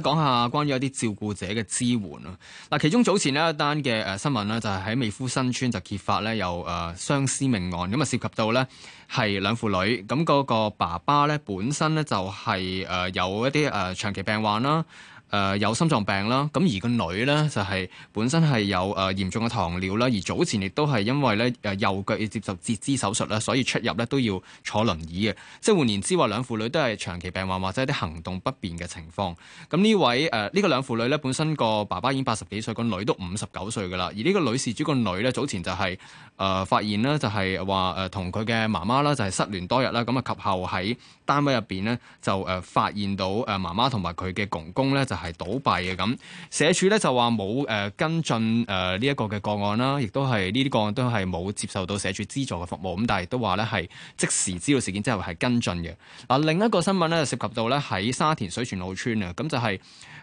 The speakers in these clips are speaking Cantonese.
講下關於一啲照顧者嘅支援啊。嗱，其中早前咧一單嘅誒、呃、新聞呢，就係、是、喺美孚新邨就揭發咧有誒雙屍命案，咁啊涉及到咧係兩父女，咁嗰個爸爸咧本身咧就係、是、誒、呃、有一啲誒、呃、長期病患啦。誒、呃、有心臟病啦，咁而個女呢，就係、是、本身係有誒、呃、嚴重嘅糖尿啦，而早前亦都係因為咧誒、呃、右腳要接受截肢手術啦，所以出入咧都要坐輪椅嘅。即係換言之，話兩父女都係長期病患或者啲行動不便嘅情況。咁、嗯、呢位誒呢、呃這個兩父女呢，本身個爸爸已經八十幾歲，個女都五十九歲㗎喇。而呢個女事主個女呢，早前就係、是、誒、呃、發現呢就係話誒同佢嘅媽媽啦就係、是、失聯多日啦，咁、嗯、啊及後喺單位入邊呢，就誒、呃、發現到誒媽媽同埋佢嘅公公，公呢。就是。係倒斃嘅。咁，社署咧就話冇誒跟進誒呢一個嘅個案啦，亦都係呢啲個案都係冇接受到社署資助嘅服務，咁但係亦都話咧係即時知道事件之後係跟進嘅。嗱、呃，另一個新聞咧涉及到咧喺沙田水泉澳邨啊，咁、嗯、就係、是。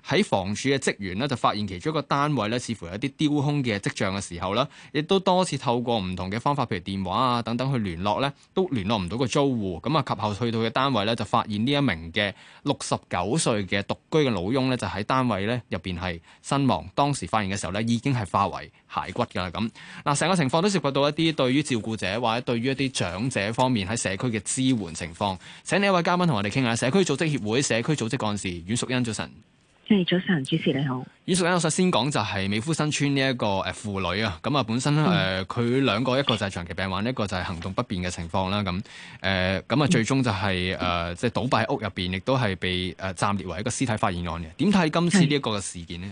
喺房署嘅職員呢，就發現其中一個單位呢，似乎有啲丟空嘅跡象嘅時候呢，亦都多次透過唔同嘅方法，譬如電話啊等等去聯絡呢都聯絡唔到個租戶。咁啊，及後去到嘅單位呢，就發現呢一名嘅六十九歲嘅獨居嘅老翁呢，就喺單位呢入邊係身亡。當時發現嘅時候呢，已經係化為骸骨㗎啦。咁嗱，成個情況都涉及到一啲對於照顧者或者對於一啲長者方面喺社區嘅支援情況。請呢一位嘉賓同我哋傾下，社區組織協會社區組織幹事，阮淑茵，早晨。係早晨，主持你好。以上家我首先講就係美孚新村呢、這、一個誒父女啊，咁啊本身誒佢兩個，一個就係長期病患，一個就係行動不便嘅情況啦。咁誒咁啊，最終就係誒即係倒斃喺屋入邊，亦都係被誒暫列為一個屍體發現案嘅。點睇今次呢一個事件咧？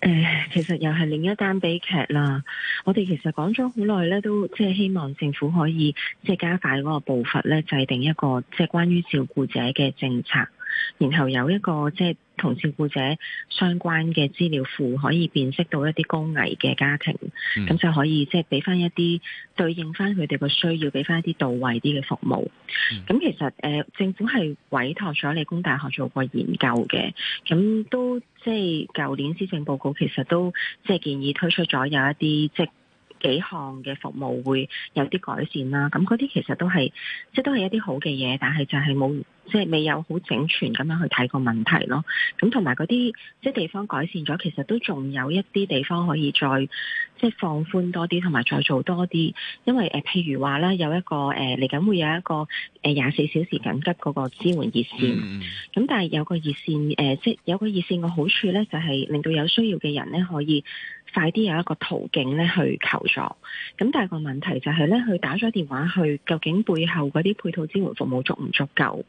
誒、呃，其實又係另一單悲劇啦。我哋其實講咗好耐咧，都即係希望政府可以即係、就是、加快嗰個步伐咧，制定一個即係、就是、關於照顧者嘅政策。然後有一個即係同照顧者相關嘅資料庫，可以辨識到一啲高危嘅家庭，咁、嗯、就可以即係俾翻一啲對應翻佢哋個需要，俾翻一啲到位啲嘅服務。咁、嗯、其實誒、呃，政府係委託咗理工大學做過研究嘅。咁都即係舊年施政報告其實都即係建議推出咗有一啲即係幾項嘅服務會有啲改善啦，咁嗰啲其實都係即係都係一啲好嘅嘢，但係就係冇即係未有好整全咁樣去睇個問題咯。咁同埋嗰啲即係地方改善咗，其實都仲有一啲地方可以再即係放寬多啲，同埋再做多啲。因為誒、呃，譬如話啦，有一個誒嚟緊會有一個誒廿四小時緊急嗰個支援熱線，咁、嗯、但係有個熱線誒、呃，即係有個熱線嘅好處咧，就係、是、令到有需要嘅人咧可以，快啲有一個途徑咧去求助，咁但係個問題就係咧，佢打咗電話去，究竟背後嗰啲配套支援服務足唔足夠？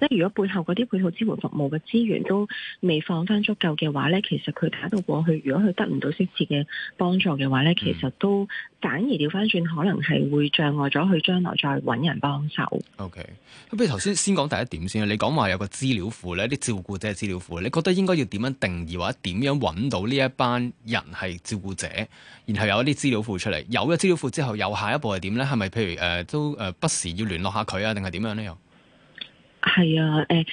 即係、嗯、如果背後嗰啲配套支援服務嘅資源都未放翻足夠嘅話咧，其實佢打到過去，如果佢得唔到適切嘅幫助嘅話咧，其實都。嗯反而掉翻轉，可能係會障礙咗佢將來再揾人幫手。O K，咁不如頭先先講第一點先啦，你講話有個資料庫呢啲照顧者資料庫，你覺得應該要點樣定義或者點樣揾到呢一班人係照顧者，然後有一啲資料庫出嚟，有咗資料庫之後，有下一步係點呢？係咪譬如誒、呃、都誒不時要聯絡下佢啊，定係點樣呢？又？係啊，誒、呃、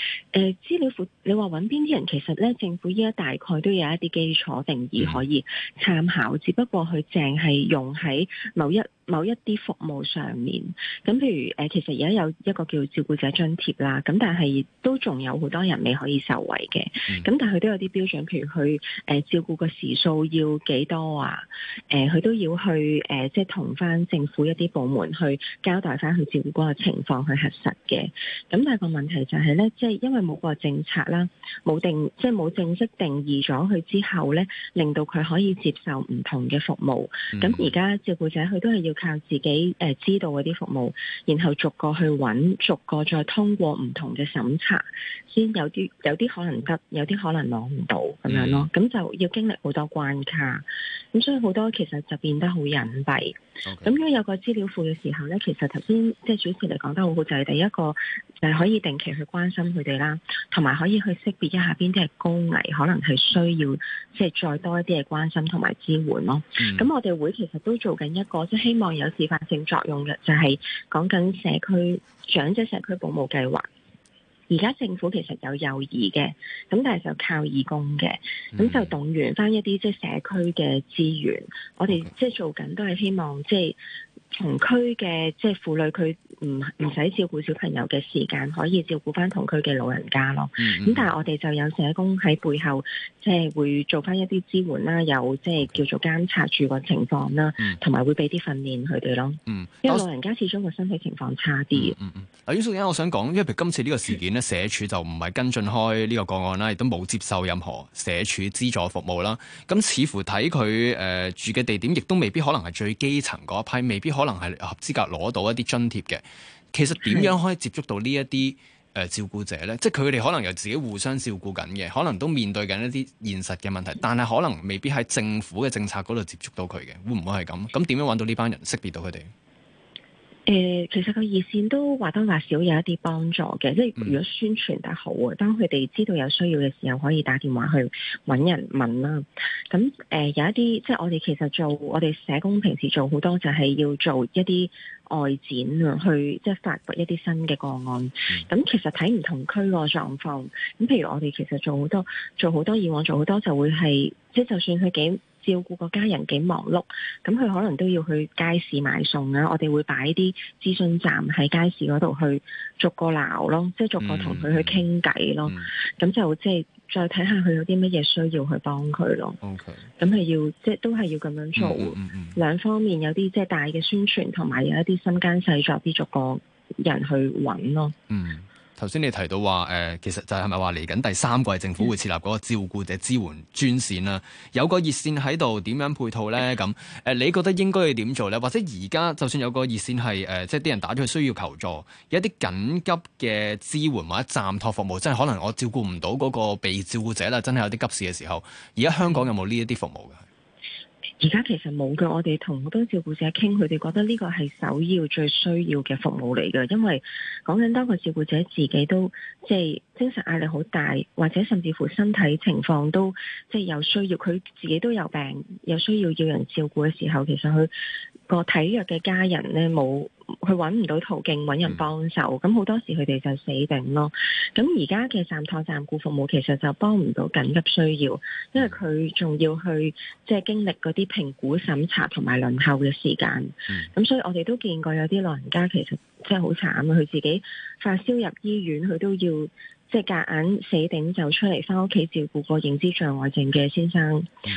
誒資料庫，你話揾邊啲人？其實咧，政府依家大概都有一啲基礎定義可以參考，只不過佢淨係用喺某一某一啲服務上面，咁譬如誒、呃，其實而家有一個叫照顧者津貼啦，咁但係都仲有好多人未可以受惠嘅，咁、嗯、但係佢都有啲標準，譬如佢誒、呃、照顧個時數要幾多啊？誒、呃，佢都要去誒、呃，即係同翻政府一啲部門去交代翻佢照顧嗰個情況去核實嘅。咁但係個問題就係咧，即、就、係、是、因為冇個政策啦，冇定即係冇正式定義咗佢之後咧，令到佢可以接受唔同嘅服務。咁而家照顧者佢都係要。靠自己誒、呃、知道嗰啲服務，然後逐個去揾，逐個再通過唔同嘅審查，先有啲有啲可能得，有啲可能攞唔到咁樣咯。咁、mm hmm. 就要經歷好多關卡，咁所以好多其實就變得好隱蔽。咁如果有個資料庫嘅時候咧，其實頭先即係主持嚟講得好好，就係、是、第一個就係可以定期去關心佢哋啦，同埋可以去識別一下邊啲係高危，可能係需要即係再多一啲嘅關心同埋支援咯。咁、嗯、我哋會其實都做緊一個，即、就、係、是、希望有示範性作用嘅，就係講緊社區長者社區保護計劃。而家政府其實有幼兒嘅，咁但係就靠義工嘅，咁就動員返一啲即係社區嘅資源，我哋即係做緊都係希望即係。就是同區嘅即係婦女，佢唔唔使照顧小朋友嘅時間，可以照顧返同區嘅老人家咯。咁、嗯嗯、但係我哋就有社工喺背後，即係會做返一啲支援啦，有即係叫做監察住個情況啦，同埋、嗯、會俾啲訓練佢哋咯。因為老人家始終個身體情況差啲嘅。嗱、嗯，阮淑茵，而家我想講，因、嗯、為今次呢個事件咧，Yeah. 社署就唔係跟進開呢個個案啦，亦都冇接受任何社署資助服務啦。咁似乎睇佢誒住嘅地點，亦都未必可能係最基層嗰一批，未必。可能係合資格攞到一啲津貼嘅，其實點樣可以接觸到呢一啲誒照顧者呢？即係佢哋可能由自己互相照顧緊嘅，可能都面對緊一啲現實嘅問題，但係可能未必喺政府嘅政策嗰度接觸到佢嘅，會唔會係咁？咁點樣揾到呢班人，識別到佢哋？誒、呃，其實個熱線都或多或少有一啲幫助嘅，即係如果宣傳得好啊，當佢哋知道有需要嘅時候，可以打電話去揾人問啦。咁誒、呃，有一啲即係我哋其實做，我哋社工平時做好多就係要做一啲外展啊，去即係發掘一啲新嘅個案。咁、嗯、其實睇唔同區個狀況，咁譬如我哋其實做好多，做好多以往做好多就會係，即係就算佢幾照顧個家人幾忙碌，咁佢可能都要去街市買餸啊！我哋會擺啲諮詢站喺街市嗰度去逐個鬧咯，即係逐個同佢去傾偈咯。咁、嗯、就即係再睇下佢有啲乜嘢需要去幫佢咯。OK，咁係要即係都係要咁樣做。兩、嗯嗯嗯嗯、方面有啲即係大嘅宣傳，同埋有一啲、就是、身兼細作啲逐個人去揾咯。嗯。頭先你提到話誒、呃，其實就係咪話嚟緊第三季政府會設立嗰個照顧者支援專線啦？有個熱線喺度，點樣配套呢？咁誒，你覺得應該要點做呢？或者而家就算有個熱線係誒、呃，即係啲人打出去需要求助，有一啲緊急嘅支援或者暫托服務，真係可能我照顧唔到嗰個被照顧者啦，真係有啲急事嘅時候，而家香港有冇呢一啲服務嘅？嗯而家其實冇嘅，我哋同好多照顧者傾，佢哋覺得呢個係首要最需要嘅服務嚟嘅，因為講緊當個照顧者自己都即係、就是、精神壓力好大，或者甚至乎身體情況都即係、就是、有需要，佢自己都有病，有需要要人照顧嘅時候，其實佢個體弱嘅家人呢，冇，佢揾唔到途徑揾人幫手，咁好，嗯、多時佢哋就死頂咯。咁而家嘅暫託暫顧服務其實就幫唔到緊急需要，嗯、因為佢仲要去即係、就是、經歷嗰啲評估、審查同埋輪候嘅時間。咁、嗯、所以我哋都見過有啲老人家其實真係好慘啊！佢自己發燒入醫院，佢都要即係夾硬死頂就出嚟，返屋企照顧個認知障礙症嘅先生。嗯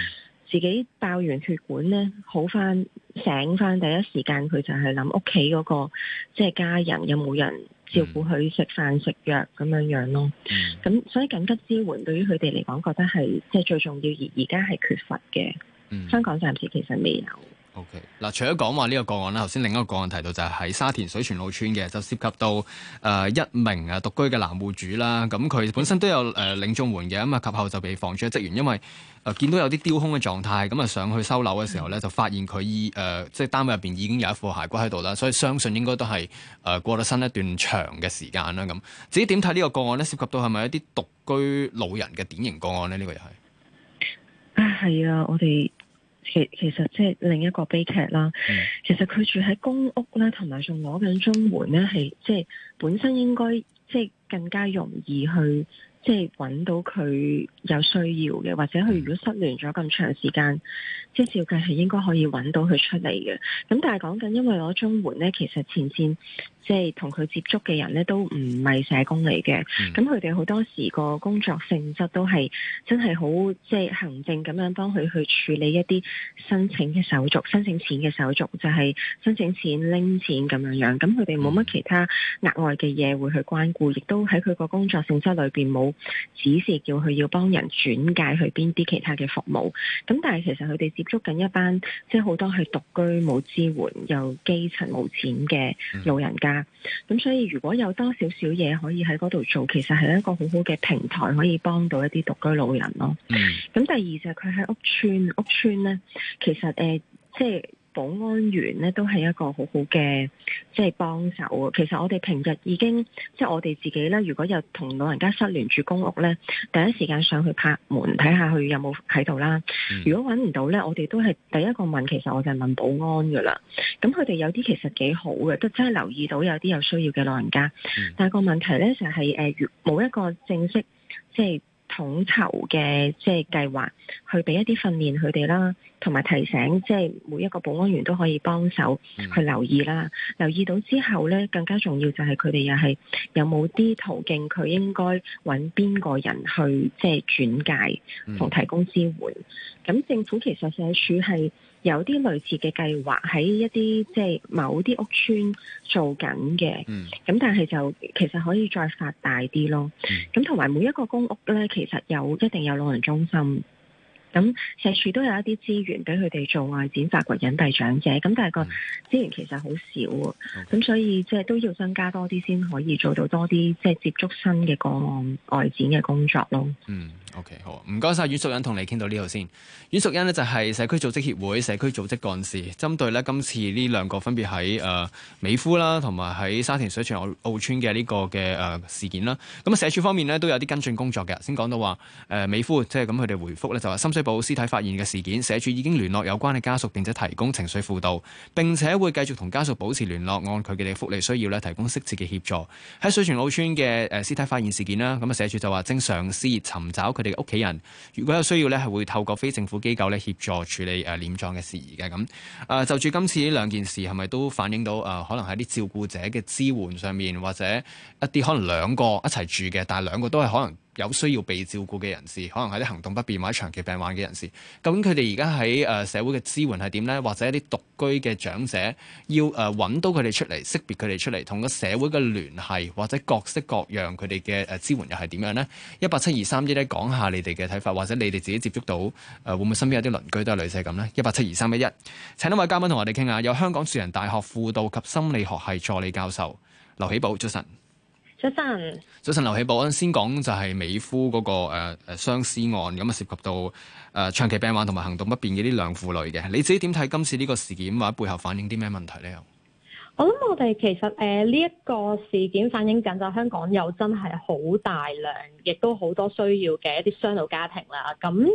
自己爆完血管咧，好翻醒翻，第一時間佢就係諗屋企嗰個即係家人有冇人照顧佢食飯食、嗯、藥咁樣樣咯。咁、嗯、所以緊急支援對於佢哋嚟講，覺得係即係最重要而而家係缺乏嘅。嗯、香港暫時其實未有。O.K. 嗱，除咗講話呢個個案咧，頭先另一個個案提到就係喺沙田水泉澳邨嘅，就涉及到誒、呃、一名啊獨居嘅男戶主啦。咁、嗯、佢本身都有誒領綜援嘅，咁啊及後就被房署嘅職員因為誒見到有啲丟空嘅狀態，咁啊上去收樓嘅時候咧，就發現佢已誒即係單位入邊已經有一副骸骨喺度啦。所以相信應該都係誒過咗新一段長嘅時間啦。咁、嗯、至於點睇呢個個案咧，涉及到係咪一啲獨居老人嘅典型個案咧？呢個又係啊，啊，我哋。其其實即係另一個悲劇啦。 其實佢住喺公屋咧，同埋仲攞緊綜援咧，係即係本身應該即係更加容易去。即係揾到佢有需要嘅，或者佢如果失聯咗咁長時間，即係照計係應該可以揾到佢出嚟嘅。咁但係講緊，因為攞綜援咧，其實前線即係同佢接觸嘅人咧，都唔係社工嚟嘅。咁佢哋好多時個工作性質都係真係好即係行政咁樣幫佢去處理一啲申請嘅手續、申請錢嘅手續，就係、是、申請錢拎錢咁樣樣。咁佢哋冇乜其他額外嘅嘢會去關顧，亦都喺佢個工作性質裏邊冇。只是叫佢要幫人轉介去邊啲其他嘅服務，咁但係其實佢哋接觸緊一班即係好多係獨居冇支援又基層冇錢嘅老人家，咁、嗯、所以如果有多少少嘢可以喺嗰度做，其實係一個好好嘅平台，可以幫到一啲獨居老人咯。咁、嗯、第二就係佢喺屋邨。屋邨咧其實誒、呃、即係。保安員咧都係一個好好嘅即係幫手啊！其實我哋平日已經即係我哋自己咧，如果有同老人家失聯，住公屋咧，第一時間上去拍門睇下佢有冇喺度啦。嗯、如果揾唔到咧，我哋都係第一個問，其實我就係問保安噶啦。咁佢哋有啲其實幾好嘅，都真係留意到有啲有需要嘅老人家。但係個問題咧就係、是、誒，冇、呃、一個正式即係。統籌嘅即係計劃，去俾一啲訓練佢哋啦，同埋提醒，即係每一個保安員都可以幫手去留意啦。Mm hmm. 留意到之後呢，更加重要就係佢哋又係有冇啲途徑，佢應該揾邊個人去即係轉介同提供支援。咁、mm hmm. 政府其實社署係。有啲類似嘅計劃喺一啲即係某啲屋邨做緊嘅，咁、嗯、但係就其實可以再發大啲咯。咁同埋每一個公屋咧，其實有一定有老人中心。咁社署都有一啲資源俾佢哋做外展、發掘隱蔽長者，咁但係個資源其實好少，咁、嗯、所以即係都要增加多啲，先可以做到多啲即係接觸新嘅個案外展嘅工作咯。嗯，OK，好，唔該晒，阮淑茵同你傾到呢度先。阮淑茵呢就係、是、社區組織協會社區組織幹事，針對咧今次呢兩個分別喺誒美孚啦，同埋喺沙田水泉澳，澳邨嘅呢、這個嘅誒、呃、事件啦。咁社署方面呢都有啲跟進工作嘅，先講到話誒、呃呃、美孚，即係咁佢哋回覆咧就話深水部屍體發現嘅事件，社署已經聯絡有關嘅家屬，並且提供情緒輔導，並且會繼續同家屬保持聯絡，按佢哋嘅福利需要咧，提供適切嘅協助。喺水泉澳邨嘅誒屍體發現事件啦，咁啊社署就話正嘗試尋找佢哋嘅屋企人，如果有需要咧，係會透過非政府機構咧協助處理誒殮葬嘅事宜嘅。咁誒，就住今次呢兩件事係咪都反映到誒，可能喺啲照顧者嘅支援上面，或者一啲可能兩個一齊住嘅，但係兩個都係可能。有需要被照顧嘅人士，可能係啲行動不便或者長期病患嘅人士，究竟佢哋而家喺誒社會嘅支援係點呢？或者一啲獨居嘅長者要，要誒揾到佢哋出嚟識別佢哋出嚟，同個社會嘅聯繫，或者各式各樣佢哋嘅誒支援又係點樣呢？一八七二三一一講下你哋嘅睇法，或者你哋自己接觸到誒、呃，會唔會身邊有啲鄰居都係類似咁呢？一八七二三一一，請一位嘉賓同我哋傾下，有香港樹仁大學輔導及心理學系助理教授劉喜寶，早晨。早晨，早晨，劉喜寶，安先講就係美孚嗰、那個誒誒、呃、相思案，咁啊涉及到誒、呃、長期病患同埋行動不便嘅啲兩父女嘅，你自己點睇今次呢個事件或者背後反映啲咩問題咧？我諗我哋其實誒呢一個事件反映緊，就香港有真係好大量，亦都好多需要嘅一啲雙老家庭啦。咁而呢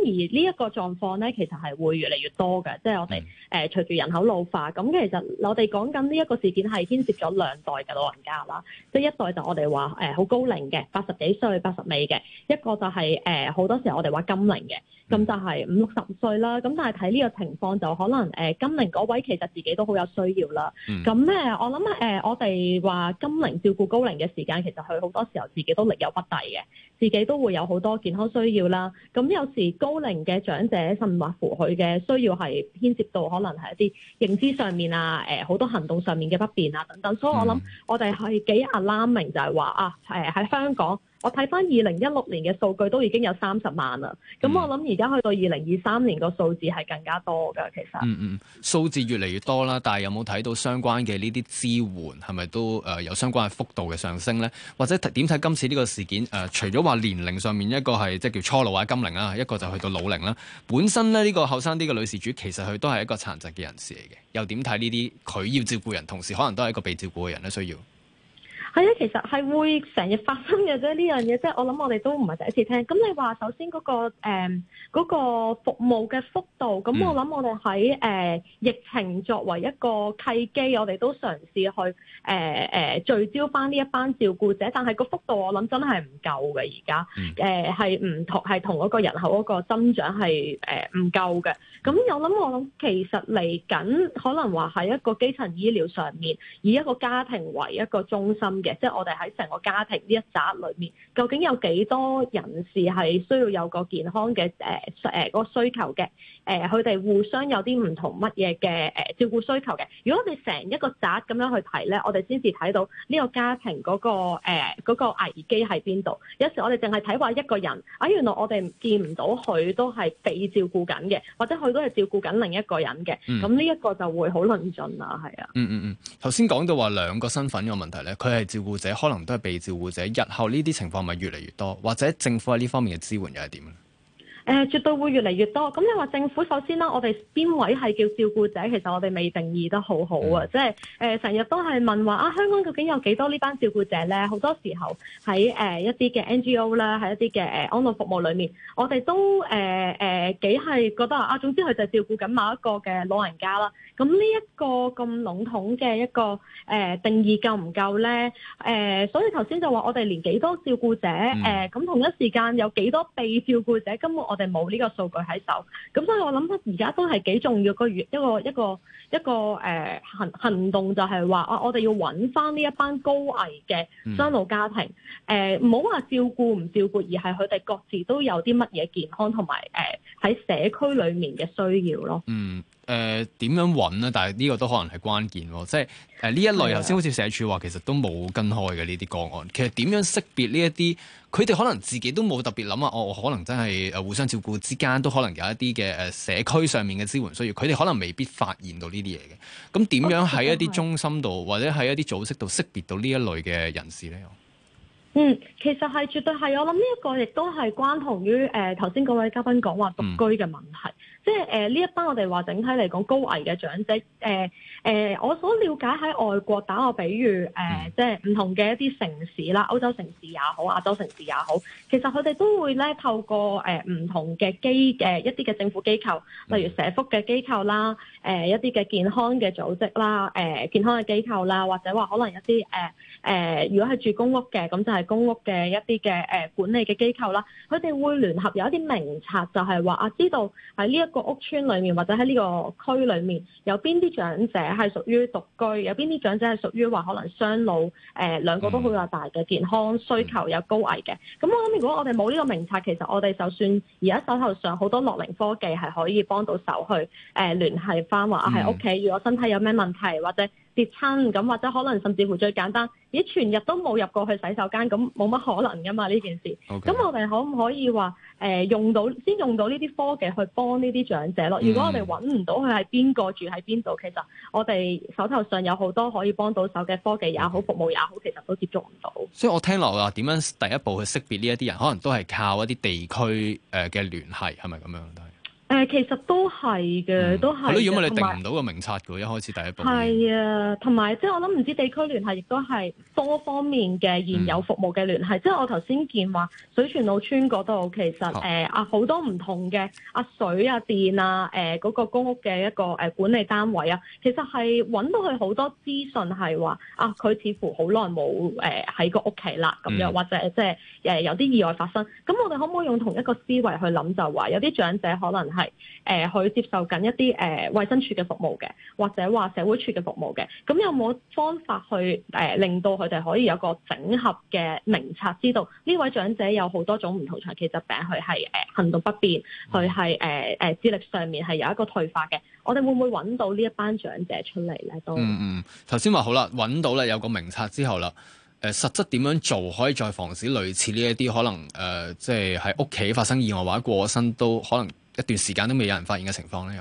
一個狀況咧，其實係會越嚟越多嘅，即係我哋誒，嗯，呃，隨住人口老化。咁其實我哋講緊呢一個事件係牽涉咗兩代嘅老人家啦，即係一代就我哋話誒好高齡嘅八十幾歲八十尾嘅，一個就係誒好多時候我哋話金齡嘅。咁就係五六十歲啦，咁但係睇呢個情況就可能誒金齡嗰位其實自己都好有需要啦。咁誒、嗯，我諗誒、呃，我哋話金齡照顧高齡嘅時間，其實佢好多時候自己都力有不逮嘅，自己都會有好多健康需要啦。咁有時高齡嘅長者甚至乎佢嘅需要係牽涉到可能係一啲認知上面啊，誒、呃、好多行動上面嘅不便啊等等。所以我諗我哋係幾啱明就係話啊，誒、呃、喺香港。我睇翻二零一六年嘅數據都已經有三十萬啦，咁我諗而家去到二零二三年個數字係更加多噶，其實。嗯嗯，數、嗯、字越嚟越多啦，但係有冇睇到相關嘅呢啲支援係咪都誒、呃、有相關嘅幅度嘅上升呢？或者點睇今次呢個事件？誒、呃，除咗話年齡上面一個係即叫初老啊、金齡啊，一個就去到老齡啦。本身咧呢、這個後生啲嘅女事主其實佢都係一個殘疾嘅人士嚟嘅，又點睇呢啲？佢要照顧人，同時可能都係一個被照顧嘅人咧，需要。係啊，其實係會成日發生嘅啫，呢樣嘢即係我諗我哋都唔係第一次聽。咁你話首先嗰、嗰個誒、呃嗰個、服務嘅幅度，咁我諗我哋喺誒疫情作為一個契機，我哋都嘗試去誒誒、呃呃、聚焦翻呢一班照顧者，但係個幅度我諗真係唔夠嘅而家。誒係唔同係同嗰個人口嗰個增長係誒唔夠嘅。咁、呃、我諗我諗其實嚟緊可能話係一個基層醫療上面，以一個家庭為一個中心。嘅，即係我哋喺成個家庭呢一紮裏面，究竟有幾多人士係需要有個健康嘅誒誒個需求嘅？誒、呃，佢哋互相有啲唔同乜嘢嘅誒照顧需求嘅。如果我哋成一個紮咁樣去睇咧，我哋先至睇到呢個家庭嗰、那個誒、呃那個危機喺邊度。有時我哋淨係睇話一個人，哎、啊，原來我哋見唔到佢都係被照顧緊嘅，或者佢都係照顧緊另一個人嘅。咁呢一個就會好論盡啦，係啊、嗯。嗯嗯嗯，頭先講到話兩個身份嘅問題咧，佢係。照顧者可能都係被照顧者，日後呢啲情況咪越嚟越多，或者政府喺呢方面嘅支援又係點咧？誒、呃，絕對會越嚟越多。咁你話政府首先啦，我哋邊位係叫照顧者？其實我哋未定義得好好啊，嗯、即係誒成日都係問話啊，香港究竟有幾多呢班照顧者咧？好多時候喺誒、呃、一啲嘅 NGO 啦，喺一啲嘅誒安老服務裏面，我哋都誒誒幾係覺得啊，總之佢就照顧緊某一個嘅老人家啦。咁呢一個咁籠統嘅一個誒定義夠唔夠呢？誒、呃，所以頭先就話我哋連幾多照顧者誒，咁、嗯呃、同一時間有幾多被照顧者，根本我哋冇呢個數據喺手。咁所以我諗而家都係幾重要個一一個一個一個誒、呃、行行動，就係話我我哋要揾翻呢一班高危嘅雙老家庭。誒唔好話照顧唔照顧，而係佢哋各自都有啲乜嘢健康同埋誒喺社區裡面嘅需要咯。嗯。誒點、呃、樣揾咧？但係呢個都可能係關鍵喎，即係誒呢一類頭先好似社署話，其實都冇跟開嘅呢啲個案。其實點樣識別呢一啲？佢哋可能自己都冇特別諗啊！我、哦、可能真係誒互相照顧之間，都可能有一啲嘅誒社區上面嘅支援需要。佢哋可能未必發現到呢啲嘢嘅。咁點樣喺一啲中心度，或者喺一啲組織度識別到呢一類嘅人士咧？嗯，其實係絕對係。我諗呢一個亦都係關同於誒頭先各位嘉賓講話獨居嘅問題。嗯。即係誒呢一班我哋話整體嚟講高危嘅長者，誒、呃、誒、呃，我所了解喺外國，打個比喻，誒、呃，即係唔同嘅一啲城市啦，歐洲城市也好，亞洲城市也好，其實佢哋都會咧透過誒唔、呃、同嘅機嘅一啲嘅政府機構，例如社福嘅機構啦，誒、呃、一啲嘅健康嘅組織啦，誒、呃、健康嘅機構啦，或者話可能一啲誒誒，如果係住公屋嘅，咁就係公屋嘅一啲嘅誒管理嘅機構啦，佢哋會聯合有一啲名冊，就係、是、話啊，知道喺呢一個。個屋邨裏面或者喺呢個區裏面，有邊啲長者係屬於獨居，有邊啲長者係屬於話可能雙老，誒、呃、兩個都好有大嘅健康需求，有高危嘅。咁我諗，如果我哋冇呢個名冊，其實我哋就算而家手頭上好多樂齡科技係可以幫到手去，誒、呃、聯繫翻話喺屋企，如果身體有咩問題或者。跌親咁或者可能甚至乎最簡單，咦？全日都冇入過去洗手間，咁冇乜可能㗎嘛呢件事。咁 Okay. 我哋可唔可以話誒、呃、用到先用到呢啲科技去幫呢啲長者咯？如果我哋揾唔到佢係邊個住喺邊度，嗯、其實我哋手頭上有好多可以幫到手嘅科技也好，Okay. 服務也好，其實都接觸唔到。所以我聽落話點樣第一步去識別呢一啲人，可能都係靠一啲地區誒嘅聯繫，係咪咁樣？誒、呃，其實都係嘅，嗯、都係。如果你定唔到個名冊嘅且一開始第一步。係啊的，同埋即係我諗唔知地區聯繫亦都係多方面嘅現有服務嘅聯繫。即係、嗯、我頭先見話，水泉澳邨嗰度其實誒啊好多唔同嘅阿水啊電啊誒嗰個公屋嘅一個誒管理單位啊，其實係揾到佢好多資訊係話啊，佢似乎好耐冇誒喺個屋企啦咁樣，嗯、或者即係誒有啲意外發生。咁我哋可唔可以用同一個思維去諗，就話有啲長者可能？係誒，去、呃、接受緊一啲誒衛生署嘅服務嘅，或者話社會署嘅服務嘅。咁有冇方法去誒、呃、令到佢哋可以有個整合嘅名冊，知道呢位長者有好多種唔同長期疾病，佢係誒行動不便，佢係誒誒智力上面係有一個退化嘅。我哋會唔會揾到呢一班長者出嚟咧？都嗯嗯，頭先話好啦，揾到啦，有個名冊之後啦，誒、呃、實質點樣做，可以再防止類似呢一啲可能誒、呃，即係喺屋企發生意外或者過身都可能。一段時間都未有人發現嘅情況，咧，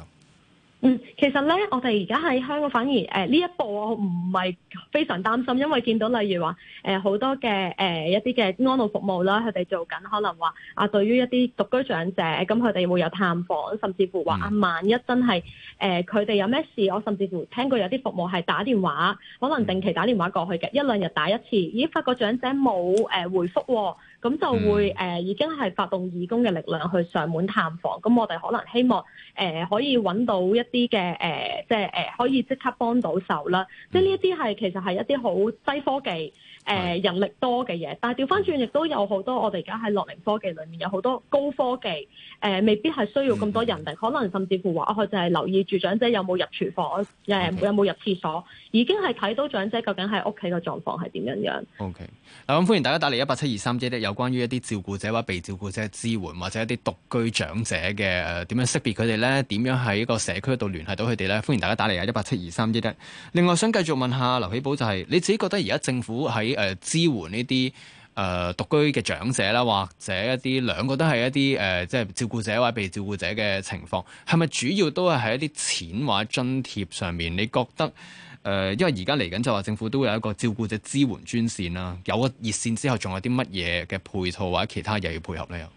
又。其實咧，我哋而家喺香港反而誒呢、呃、一步我唔係非常擔心，因為見到例如話誒好多嘅誒、呃、一啲嘅安老服務啦，佢哋做緊可能話啊，對於一啲獨居長者，咁佢哋會有探訪，甚至乎話啊，萬一真係誒佢哋有咩事，我甚至乎聽過有啲服務係打電話，可能定期打電話過去嘅，一兩日打一次。咦，發覺長者冇誒、呃、回覆，咁就會誒、呃、已經係發動義工嘅力量去上門探訪。咁我哋可能希望誒、呃、可以揾到一啲嘅。誒誒、呃，即係誒、呃，可以即刻幫到手啦。即係呢一啲係其實係一啲好低科技，誒、呃、的人力多嘅嘢。但係調返轉，亦都有好多我哋而家喺樂齡科技裏面有好多高科技，誒、呃、未必係需要咁多人力，可能甚至乎話佢就係留意住長者有冇入廚房，誒 Okay. 有冇入廁所，已經係睇到長者究竟喺屋企嘅狀況係點樣樣。Okay. 嗱咁歡迎大家打嚟一八七二三 zero 一有關於一啲照顧者或被照顧者支援，或者一啲獨居長者嘅呃、點樣識別佢哋咧？點樣喺一個社區度聯繫？到佢哋咧，歡迎大家打嚟啊！一八七二三一一。另外，想繼續問下劉喜寶，就是，就係你自己覺得而家政府喺誒支援呢啲誒獨居嘅長者啦，或者一啲兩個都係一啲誒即係照顧者或者被照顧者嘅情況，係咪主要都係喺一啲錢或者津貼上面？你覺得誒、呃，因為而家嚟緊就話政府都會有一個照顧者支援專線啦，有個熱線之後，仲有啲乜嘢嘅配套或者其他嘢要配合咧？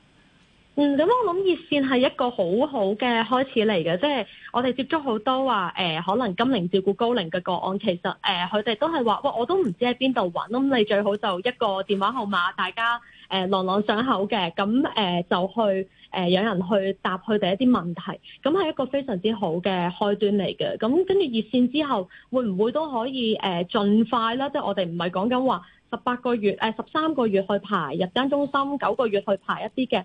嗯，咁我諗熱線係一個好好嘅開始嚟嘅，即係我哋接觸好多話誒、呃，可能金齡照顧高齡嘅個案，其實誒佢哋都係話，喂，我都唔知喺邊度揾，咁你最好就一個電話號碼，大家誒朗朗上口嘅，咁誒、呃、就去誒有、呃、人去答佢哋一啲問題，咁係一個非常之好嘅開端嚟嘅。咁跟住熱線之後，會唔會都可以誒、呃、盡快啦？即係我哋唔係講緊話，十八個月，誒十三個月去排日間中心，九個月去排一啲嘅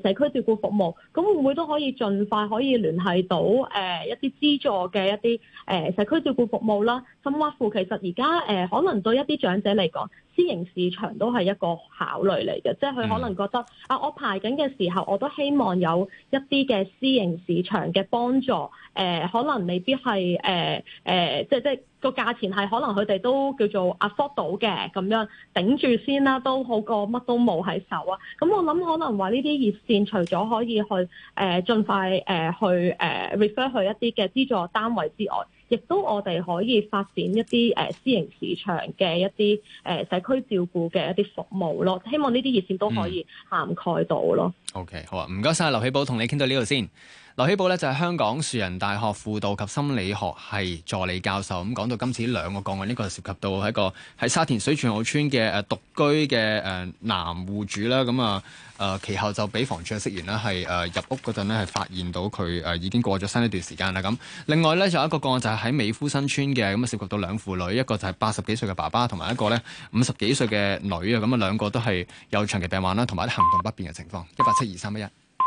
誒社區照顧服務，咁會唔會都可以盡快可以聯繫到誒、呃、一啲資助嘅一啲誒、呃、社區照顧服務啦？深灣乎，其實而家誒可能對一啲長者嚟講，私營市場都係一個考慮嚟嘅，即係佢可能覺得、mm hmm. 啊，我排緊嘅時候，我都希望有一啲嘅私營市場嘅幫助，誒、呃、可能未必係誒誒，即係即係。個價錢係可能佢哋都叫做 afford 到嘅咁樣，頂住先啦，都好過乜都冇喺手啊。咁我諗可能話呢啲熱線，除咗可以去誒、呃、盡快誒去誒、呃、refer 去一啲嘅資助單位之外，亦都我哋可以發展一啲誒私營市場嘅一啲誒社區照顧嘅一啲服務咯。希望呢啲熱線都可以涵蓋到咯、嗯。OK，好啊，唔該晒劉喜寶，同你傾到呢度先。劉喜寶咧就係香港樹仁大學輔導及心理學系助理教授。咁講到今次兩個個案，呢個涉及到一個喺沙田水泉澳邨嘅誒獨居嘅誒男戶主啦。咁啊誒其後就俾房署嘅職員啦，係誒入屋嗰陣咧係發現到佢誒已經過咗身一段時間啦。咁另外咧就有一個個案就係喺美孚新村嘅咁啊，涉及到兩父女，一個就係八十幾歲嘅爸爸同埋一個咧五十幾歲嘅女啊。咁啊兩個都係有長期病患啦，同埋啲行動不便嘅情況。一八七二三一一。